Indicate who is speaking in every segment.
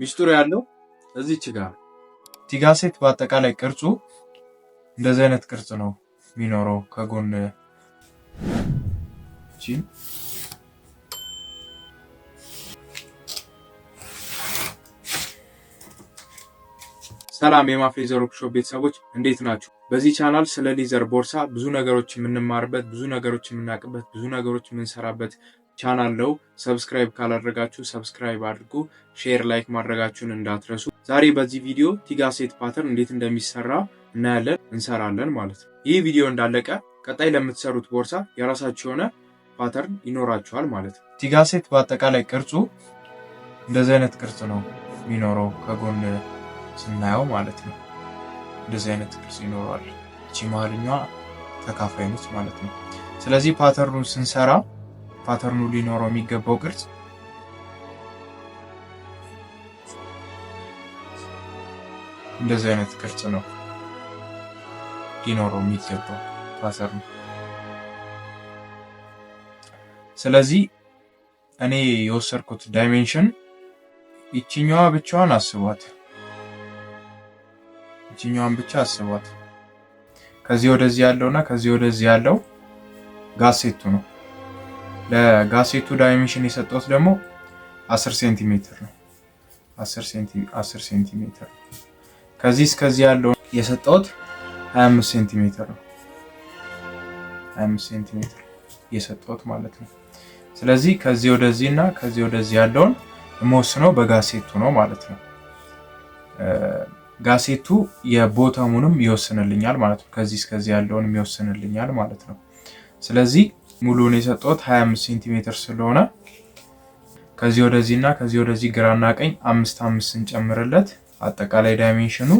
Speaker 1: ሚስጥሩ ያለው እዚች ጋር ቲጋሴት በአጠቃላይ ቅርጹ እንደዚህ አይነት ቅርጽ ነው የሚኖረው። ከጎን እቺን ሰላም የማፌ ሌዘር ወርክሾፕ ቤተሰቦች እንዴት ናችሁ? በዚህ ቻናል ስለ ሌዘር ቦርሳ ብዙ ነገሮች የምንማርበት፣ ብዙ ነገሮች የምናውቅበት፣ ብዙ ነገሮች የምንሰራበት ቻናል ለው ሰብስክራይብ ካላደረጋችሁ ሰብስክራይብ አድርጉ። ሼር፣ ላይክ ማድረጋችሁን እንዳትረሱ። ዛሬ በዚህ ቪዲዮ ቲጋ ሴት ፓተርን እንዴት እንደሚሰራ እናያለን እንሰራለን ማለት ነው። ይህ ቪዲዮ እንዳለቀ ቀጣይ ለምትሰሩት ቦርሳ የራሳችሁ የሆነ ፓተርን ይኖራችኋል ማለት ነው። ቲጋ ሴት በአጠቃላይ ቅርጹ እንደዚህ አይነት ቅርጽ ነው የሚኖረው ከጎን ስናየው ማለት ነው። እንደዚህ አይነት ቅርጽ ይኖረዋል። እቺ መሀልኛዋ ተካፋይ ነች ማለት ነው። ስለዚህ ፓተርኑን ስንሰራ ፓተርኑ ሊኖረው የሚገባው ቅርጽ እንደዚህ አይነት ቅርጽ ነው ሊኖረው የሚገባው ፓተርኑ። ስለዚህ እኔ የወሰድኩት ዳይሜንሽን ይችኛዋ ብቻዋን አስቧት፣ ይችኛዋን ብቻ አስቧት። ከዚህ ወደዚህ ያለውና ከዚህ ወደዚህ ያለው ጋሴቱ ነው። ለጋሴቱ ዳይሜንሽን የሰጠሁት ደግሞ 10 ሴንቲሜትር ነው። 10 ሴንቲሜትር ከዚህ እስከዚህ ያለውን የሰጠሁት 25 ሴንቲሜትር ነው። 25 ሴንቲሜትር የሰጠሁት ማለት ነው። ስለዚህ ከዚህ ወደዚህ እና ከዚህ ወደዚህ ያለውን የምወስነው በጋሴቱ ነው ማለት ነው። ጋሴቱ የቦተሙንም ይወስንልኛል ማለት ነው። ከዚህ እስከዚህ ያለውን ይወስንልኛል ማለት ነው። ስለዚህ ሙሉውን የሰጠሁት 25 ሴንቲሜትር ስለሆነ ከዚህ ወደዚህ እና ከዚህ ወደዚህ ግራና ቀኝ አምስት አምስት ስንጨምርለት አጠቃላይ ዳይሜንሽኑ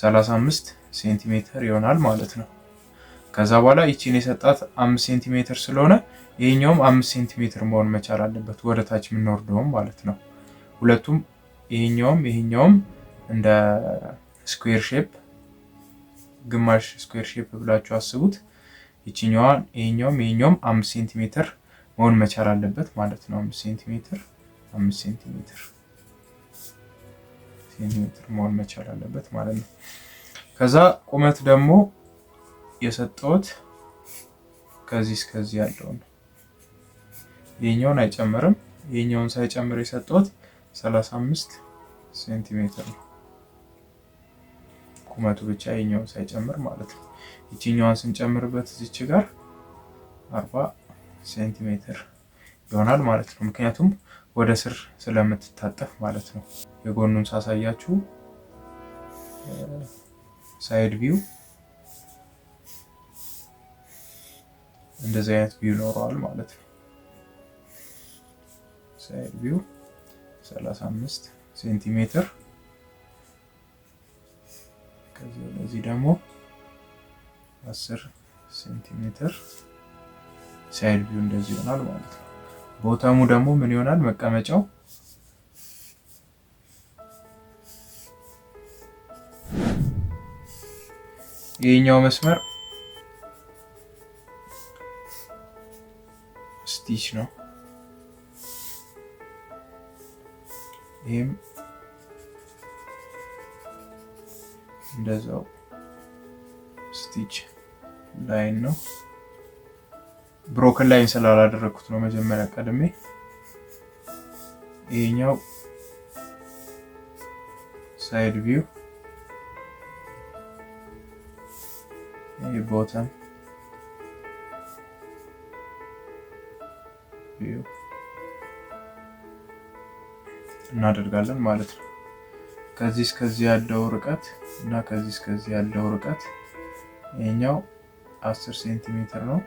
Speaker 1: 35 ሴንቲሜትር ይሆናል ማለት ነው። ከዛ በኋላ ይቺን የሰጣት 5 ሴንቲሜትር ስለሆነ ይሄኛውም 5 ሴንቲሜትር መሆን መቻል አለበት፣ ወደ ታች የምንወርደውም ማለት ነው። ሁለቱም ይሄኛውም ይሄኛውም እንደ ስኩዌር ሼፕ ግማሽ ስኩዌር ሼፕ ብላችሁ አስቡት። ይችኛዋ ይሄኛውም ይሄኛውም አምስት ሴንቲሜትር መሆን መቻል አለበት ማለት ነው። አምስት ሴንቲሜትር አምስት ሴንቲሜትር ሴንቲሜትር መሆን መቻል አለበት ማለት ነው። ከዛ ቁመት ደግሞ የሰጠሁት ከዚህ እስከዚህ ያለው ነው። ይሄኛውን አይጨምርም። ይሄኛውን ሳይጨምር የሰጠሁት 35 ሴንቲሜትር ነው። ቁመቱ ብቻ የኛውን ሳይጨምር ማለት ነው። ይችኛዋን ስንጨምርበት እዚች ጋር አርባ ሴንቲሜትር ይሆናል ማለት ነው። ምክንያቱም ወደ ስር ስለምትታጠፍ ማለት ነው። የጎኑን ሳሳያችሁ ሳይድ ቪው እንደዚህ አይነት ቪው ይኖረዋል ማለት ነው። ሳይድ ቪው 35 ሴንቲሜትር ከዚህ ወደዚህ ደግሞ 10 ሴንቲሜትር ሳይድ ቪው እንደዚህ ይሆናል ማለት ነው። ቦተሙ ደግሞ ምን ይሆናል መቀመጫው ይሄኛው መስመር ስቲች ነው። ይሄም እንደዛው ስቲች ላይን ነው። ብሮክን ላይን ስላላደረግኩት ነው መጀመሪያ ቀድሜ። ይሄኛው ሳይድ ቪው ይሄ ቦተም ቪው እናደርጋለን ማለት ነው። ከዚህ እስከዚህ ያለው ርቀት እና ከዚህ እስከዚህ ያለው ርቀት ይሄኛው 10 ሴንቲሜትር ነው።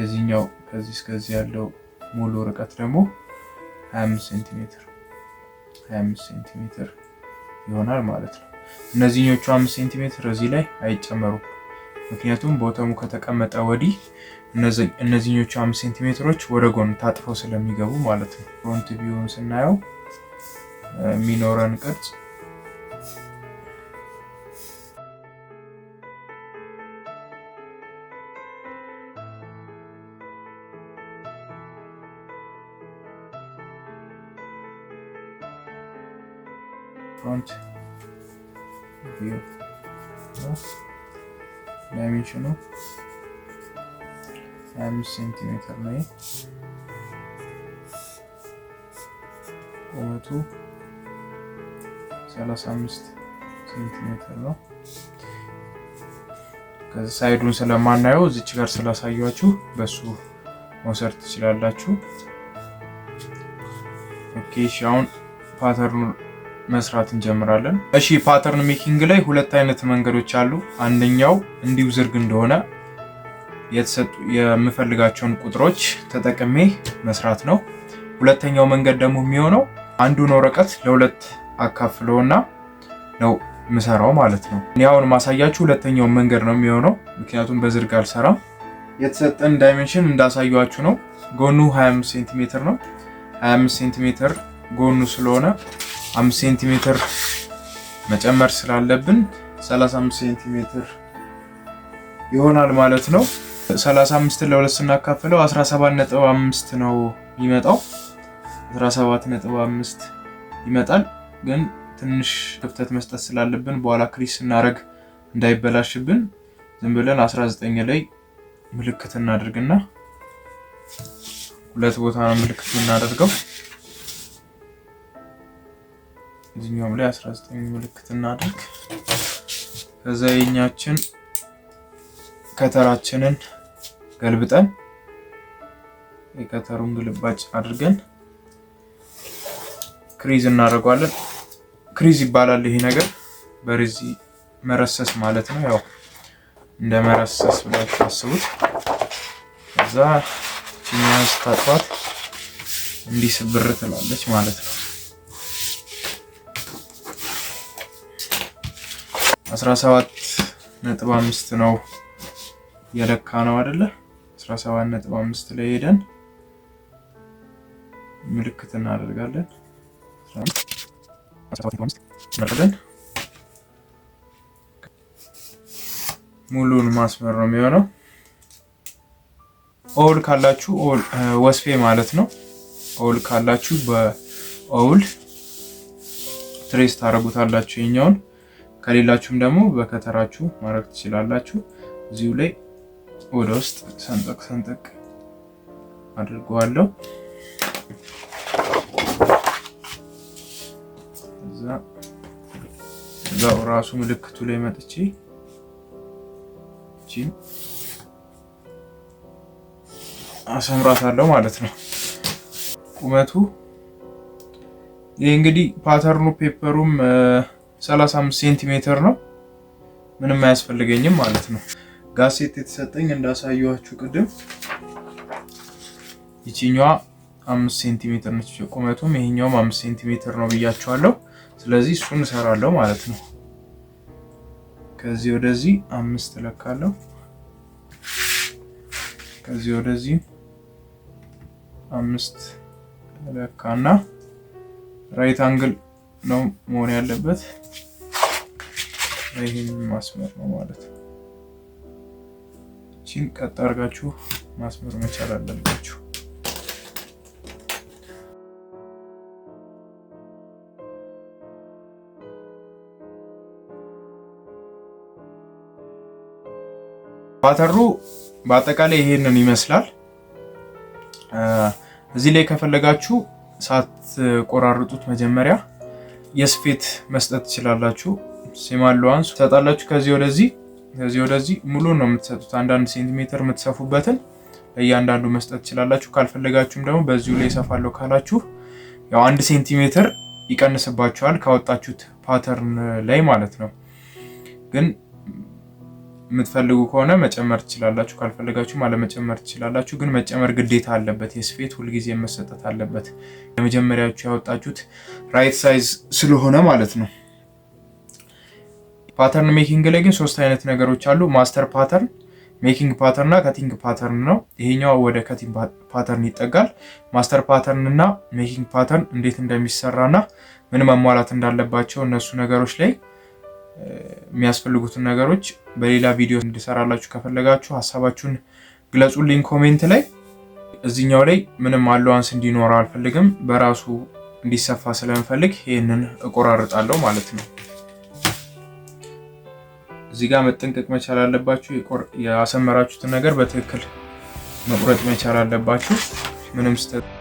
Speaker 1: የዚህኛው ከዚህ እስከዚህ ያለው ሙሉ ርቀት ደግሞ 25 ሴንቲሜትር 25 ሴንቲሜትር ይሆናል ማለት ነው። እነዚህኞቹ 5 ሴንቲሜትር እዚህ ላይ አይጨመሩም። ምክንያቱም ቦተሙ ከተቀመጠ ወዲህ እነዚህኞቹ 5 ሴንቲሜትሮች ወደ ጎን ታጥፈው ስለሚገቡ ማለት ነው። ፍሮንት ቪውን ስናየው የሚኖረን ቅርጽ ፍሮንት ዳይሜንሽኑ 25 ሴንቲሜትር ነው። ቁመቱ 35 ሴንቲሜትር ነው። ከዚህ ሳይዱን ስለማናየው እዚች ጋር ስላሳያችሁ በሱ መውሰድ ትችላላችሁ። ኦኬ እሺ፣ አሁን መስራት እንጀምራለን። እሺ ፓተርን ሜኪንግ ላይ ሁለት አይነት መንገዶች አሉ። አንደኛው እንዲሁ ዝርግ እንደሆነ የተሰጡ የምፈልጋቸውን ቁጥሮች ተጠቅሜ መስራት ነው። ሁለተኛው መንገድ ደግሞ የሚሆነው አንዱን ወረቀት ለሁለት አካፍለውና ነው ምሰራው ማለት ነው። እኔ አሁን ማሳያችሁ ሁለተኛውን መንገድ ነው የሚሆነው፣ ምክንያቱም በዝርግ አልሰራም። የተሰጠን ዳይሜንሽን እንዳሳያችሁ ነው። ጎኑ 25 ሴንቲሜትር ነው። 25 ሴንቲሜትር ጎኑ ስለሆነ 5 ሴንቲሜትር መጨመር ስላለብን 35 ሴንቲሜትር ይሆናል ማለት ነው። 35 ለሁለት ስናካፍለው 17.5 ነው የሚመጣው። 17.5 ይመጣል። ግን ትንሽ ክፍተት መስጠት ስላለብን በኋላ ክሪስ ስናደርግ እንዳይበላሽብን ዝም ብለን 19 ላይ ምልክት እናደርግና ሁለት ቦታ ነው ምልክት የምናደርገው። እዚህኛውም ላይ 19 ምልክት እናደርግ። ከዛ የኛችን ከተራችንን ገልብጠን የከተሩን ግልባጭ አድርገን ክሪዝ እናደርገዋለን። ክሪዝ ይባላል ይሄ ነገር በርዚ መረሰስ ማለት ነው። ያው እንደ መረሰስ ብላችሁ አስቡት። ከዛ ቺኛን ስታጥፋት እንዲህ ስብር ትላለች ማለት ነው። 17 ነጥብ 5 ነው የለካ ነው አይደለ? 17 ነጥብ 5 ላይ ሄደን ምልክት እናደርጋለን። መርጠን ሙሉን ማስመር ነው የሚሆነው። ኦውል ካላችሁ ወስፌ ማለት ነው። ኦውል ካላችሁ በኦውል ትሬስ ታደርጉታላችሁ የኛውን። ከሌላችሁም ደግሞ በከተራችሁ ማድረግ ትችላላችሁ። እዚሁ ላይ ወደ ውስጥ ሰንጠቅ ሰንጠቅ አድርገዋለሁ። እዛ እዛው ራሱ ምልክቱ ላይ መጥቼ እቺን አሰምራታለሁ ማለት ነው። ቁመቱ ይህ እንግዲህ ፓተርኑ ፔፐሩም 35 ሴንቲሜትር ነው። ምንም አያስፈልገኝም ማለት ነው። ጋሴት የተሰጠኝ እንዳሳየኋችሁ ቅድም ይችኛዋ አምስት ሴንቲሜትር ነች። ቁመቱም ይሄኛውም አምስት ሴንቲሜትር ነው ብያችኋለሁ። ስለዚህ እሱን እሰራለሁ ማለት ነው። ከዚህ ወደዚህ አምስት እለካለሁ። ከዚህ ወደዚህ አምስት እለካና ራይት አንግል ነው መሆን ያለበት። ይህን ማስመር ነው ማለት ነው። ይህቺን ቀጥ አድርጋችሁ ማስመር መቻል አለባችሁ። ባተሩ በአጠቃላይ ይሄንን ይመስላል። እዚህ ላይ ከፈለጋችሁ ሳትቆራርጡት መጀመሪያ የስፌት መስጠት ትችላላችሁ። ሲማለዋንስ ትሰጣላችሁ። ከዚህ ወደዚህ ከዚህ ወደዚህ ሙሉ ነው የምትሰጡት። አንዳንድ ሴንቲሜትር የምትሰፉበትን ለእያንዳንዱ መስጠት ትችላላችሁ። ካልፈለጋችሁም ደግሞ በዚሁ ላይ ይሰፋለሁ ካላችሁ ያው አንድ ሴንቲሜትር ይቀንስባችኋል ካወጣችሁት ፓተርን ላይ ማለት ነው ግን የምትፈልጉ ከሆነ መጨመር ትችላላችሁ፣ ካልፈለጋችሁም አለመጨመር ትችላላችሁ። ግን መጨመር ግዴታ አለበት። የስፌት ሁልጊዜ መሰጠት አለበት። የመጀመሪያችሁ ያወጣችሁት ራይት ሳይዝ ስለሆነ ማለት ነው። ፓተርን ሜኪንግ ላይ ግን ሶስት አይነት ነገሮች አሉ። ማስተር ፓተርን፣ ሜኪንግ ፓተርን እና ከቲንግ ፓተርን ነው። ይሄኛው ወደ ከቲንግ ፓተርን ይጠጋል። ማስተር ፓተርን እና ሜኪንግ ፓተርን እንዴት እንደሚሰራ እና ምን መሟላት እንዳለባቸው እነሱ ነገሮች ላይ የሚያስፈልጉትን ነገሮች በሌላ ቪዲዮ እንድሰራላችሁ ከፈለጋችሁ ሀሳባችሁን ግለጹልኝ ኮሜንት ላይ። እዚኛው ላይ ምንም አለዋንስ እንዲኖረው አልፈልግም። በራሱ እንዲሰፋ ስለምፈልግ ይህንን እቆራርጣለሁ ማለት ነው። እዚህ ጋር መጠንቀቅ መቻል አለባችሁ። ያሰመራችሁትን ነገር በትክክል መቁረጥ መቻል አለባችሁ። ምንም ስህተት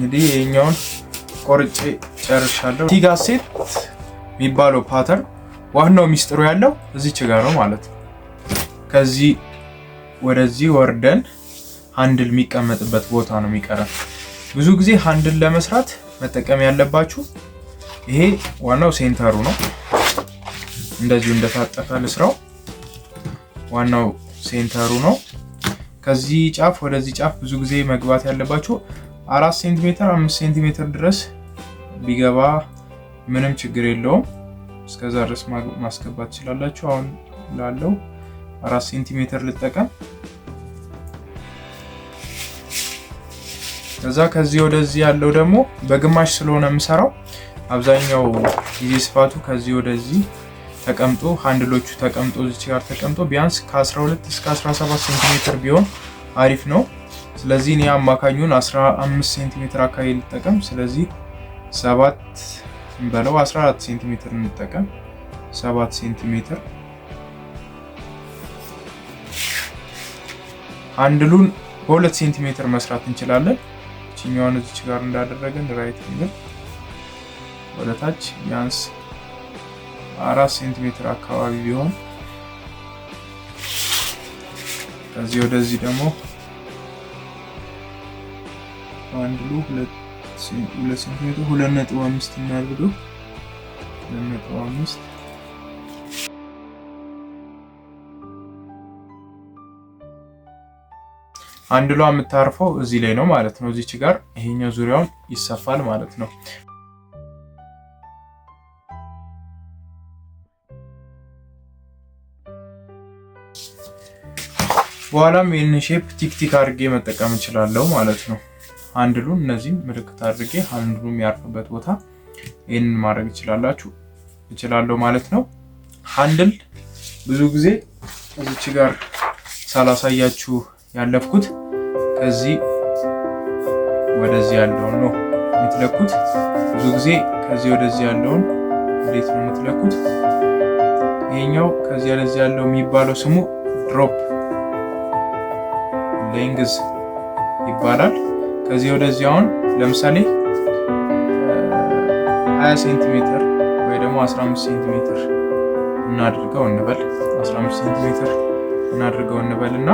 Speaker 1: እንግዲህ ይሄኛውን ቆርጬ ጨርሻለሁ። ቲጋሴት የሚባለው ፓተርን ዋናው ሚስጥሩ ያለው እዚች ጋር ነው ማለት ነው። ከዚህ ወደዚህ ወርደን ሃንድል የሚቀመጥበት ቦታ ነው የሚቀረን። ብዙ ጊዜ ሃንድል ለመስራት መጠቀም ያለባችሁ ይሄ ዋናው ሴንተሩ ነው። እንደዚሁ እንደታጠፈ ልስራው። ዋናው ሴንተሩ ነው። ከዚህ ጫፍ ወደዚህ ጫፍ ብዙ ጊዜ መግባት ያለባችሁ አራት ሴንቲሜትር አምስት ሴንቲሜትር ድረስ ቢገባ ምንም ችግር የለውም። እስከዛ ድረስ ማስገባት ትችላላችሁ። አሁን ላለው አራት ሴንቲሜትር ልጠቀም። ከዛ ከዚህ ወደዚህ ያለው ደግሞ በግማሽ ስለሆነ የምሰራው አብዛኛው ጊዜ ስፋቱ ከዚህ ወደዚህ ተቀምጦ ሃንድሎቹ ተቀምጦ እዚህ ጋር ተቀምጦ ቢያንስ ከ12 እስከ 17 ሴንቲሜትር ቢሆን አሪፍ ነው። ስለዚህ እኔ አማካኙን 15 ሴንቲሜትር አካባቢ ልጠቀም። ስለዚህ 7 በለው 14 ሴንቲሜትር እንጠቀም። 7 ሴንቲሜትር ሃንድሉን በሁለት ሴንቲሜትር መስራት እንችላለን። እችኛዋን እዚች ጋር እንዳደረገን ራይት ሚል ወደታች ቢያንስ አራት ሴንቲሜትር አካባቢ ቢሆን ከዚህ ወደዚህ ደግሞ አንድ ሎ ሁለት ሴንቲሜትር ሁለት ነጥብ አምስት እናድርገው። ሁለት ነጥብ አምስት አንድ የምታርፈው እዚህ ላይ ነው ማለት ነው። እዚች ጋር ይሄኛው ዙሪያውን ይሰፋል ማለት ነው። በኋላም ይህን ሼፕ ቲክቲክ አድርጌ መጠቀም እችላለሁ ማለት ነው። አንድሉን እነዚህም ምልክት አድርጌ አንድሉም ያርፍበት ቦታ ይህንን ማድረግ ይችላላችሁ እችላለሁ ማለት ነው። ሃንድል ብዙ ጊዜ እዚች ጋር ሳላሳያችሁ ያለፍኩት ከዚህ ወደዚህ ያለውን ነው የምትለኩት። ብዙ ጊዜ ከዚህ ወደዚህ ያለውን እንዴት ነው የምትለኩት? ይሄኛው ከዚህ ወደዚህ ያለው የሚባለው ስሙ ድሮፕ ሌንግዝ ይባላል። ከዚህ ወደዚህ አሁን ለምሳሌ 20 ሴንቲሜትር ወይ ደግሞ 15 ሴንቲሜትር እናድርገው እንበል 15 ሴንቲሜትር እናድርገው እንበል እና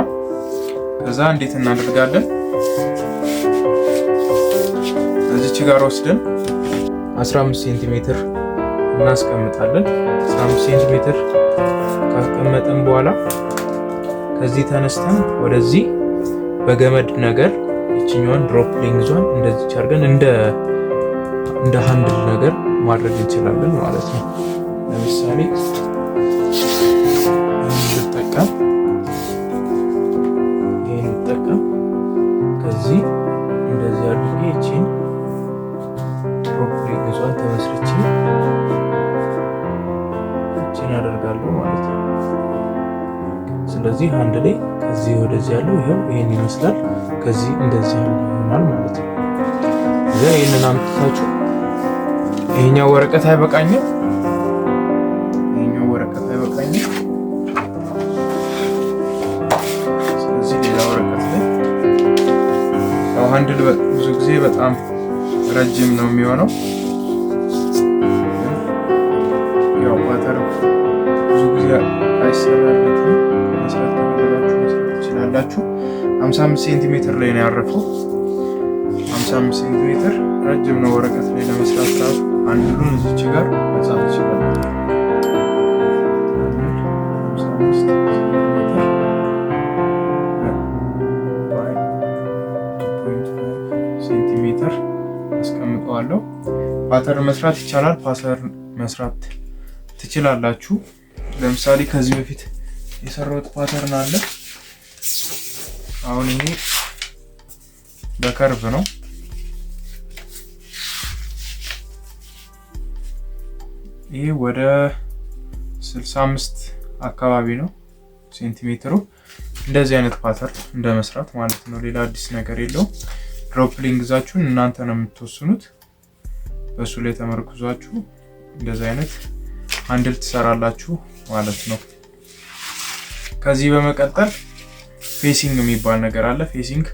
Speaker 1: ከዛ እንዴት እናደርጋለን? እዚች ጋር ወስደን 15 ሴንቲሜትር እናስቀምጣለን። 15 ሴንቲሜትር ካስቀመጥን በኋላ ከዚህ ተነስተን ወደዚህ በገመድ ነገር ይችኛዋን ድሮፕሊንግ ሌንግዟን እንደዚች አድርገን እንደ እንደ ሃንድል ነገር ማድረግ እንችላለን ማለት ነው። ለምሳሌ እንጠቀም ይህን እንጠቀም ከዚህ እንደዚህ አድርጌ ይችን ድሮፕ ሌንግዟን ተመስርቼ ይችን አደርጋለሁ ማለት ነው። ስለዚህ አንድ ላይ ከዚህ ወደዚህ ያለው ይኸው ይህን ይመስላል። ከዚህ እንደዚህ ያለው ይሆናል ማለት ነው። እዚያ ይህንን አምጥታችሁ ይሄኛው ወረቀት አይበቃኝም፣ ይሄኛው ወረቀት አይበቃኝም። ስለዚህ ሌላ ወረቀት ላይ ብዙ ጊዜ በጣም ረጅም ነው የሚሆነው ያው ባተር ብዙ ጊዜ አይሰራም። ላችሁ 55 ሴንቲሜትር ላይ ነው ያረፈው። 55 ሴንቲሜትር ረጅም ነው። ወረቀት ላይ ለመስራት ራሱ አንዱን እዚች ጋር መጻፍ ይችላል። ሴንቲሜትር አስቀምጠዋለሁ። ፓተር መስራት ይቻላል። ፓተርን መስራት ትችላላችሁ። ለምሳሌ ከዚህ በፊት የሰራሁት ፓተርን አለ አሁን ይሄ በከርቭ ነው። ይህ ወደ 65 አካባቢ ነው ሴንቲሜትሩ። እንደዚህ አይነት ፓተርን እንደ መስራት ማለት ነው። ሌላ አዲስ ነገር የለውም። ድሮፕሊንግ ዛችሁን እናንተ ነው የምትወስኑት። በእሱ ላይ ተመርኩዛችሁ እንደዚህ አይነት አንድል ትሰራላችሁ ማለት ነው። ከዚህ በመቀጠል ፌሲንግ የሚባል ነገር አለ። ፌሲንግ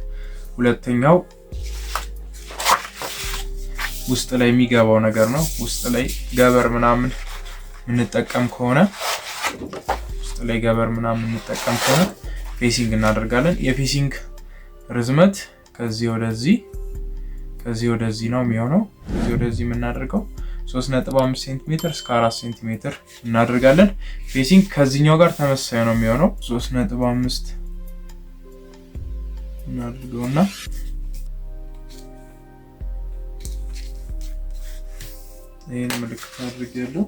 Speaker 1: ሁለተኛው ውስጥ ላይ የሚገባው ነገር ነው። ውስጥ ላይ ገበር ምናምን የምንጠቀም ከሆነ ውስጥ ላይ ገበር ምናምን የምንጠቀም ከሆነ ፌሲንግ እናደርጋለን። የፌሲንግ ርዝመት ከዚህ ወደዚህ ከዚህ ወደዚህ ነው የሚሆነው። ከዚህ ወደዚህ የምናደርገው 3.5 ሴንቲሜትር እስከ 4 ሴንቲሜትር እናደርጋለን። ፌሲንግ ከዚህኛው ጋር ተመሳሳይ ነው የሚሆነው 3.5 እናድርገውና ይህን ምልክት አድርግ ያለው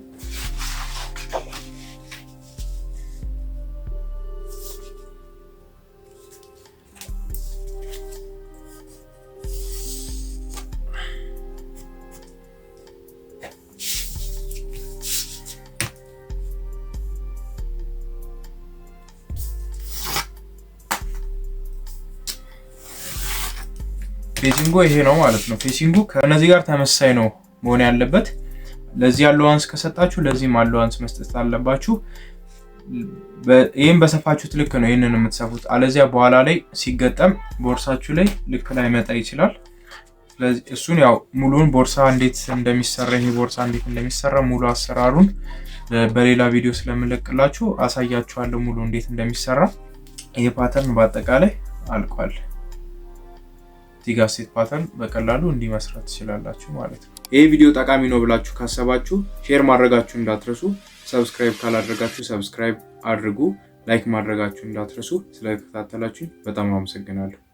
Speaker 1: ፌሲንጉ ይሄ ነው ማለት ነው። ፌሲንጉ ከነዚህ ጋር ተመሳይ ነው መሆን ያለበት። ለዚህ አለዋንስ ከሰጣችሁ ለዚህም አሎዋንስ መስጠት አለባችሁ። ይህም በሰፋችሁት ልክ ነው ይህንን የምትሰፉት። አለዚያ በኋላ ላይ ሲገጠም ቦርሳችሁ ላይ ልክ ላይ መጣ ይችላል። እሱን ያው ሙሉን ቦርሳ እንዴት እንደሚሰራ ይሄ ቦርሳ እንዴት እንደሚሰራ ሙሉ አሰራሩን በሌላ ቪዲዮ ስለምለቅላችሁ አሳያችኋለሁ ሙሉ እንዴት እንደሚሰራ። ይሄ ፓተርን በአጠቃላይ አልቋል። ቲግ አሴት ፓተርን በቀላሉ እንዲመስራት ትችላላችሁ ማለት ነው። ይህ ቪዲዮ ጠቃሚ ነው ብላችሁ ካሰባችሁ ሼር ማድረጋችሁ እንዳትረሱ። ሰብስክራይብ ካላደረጋችሁ ሰብስክራይብ አድርጉ። ላይክ ማድረጋችሁ እንዳትረሱ። ስለተከታተላችሁ በጣም አመሰግናለሁ።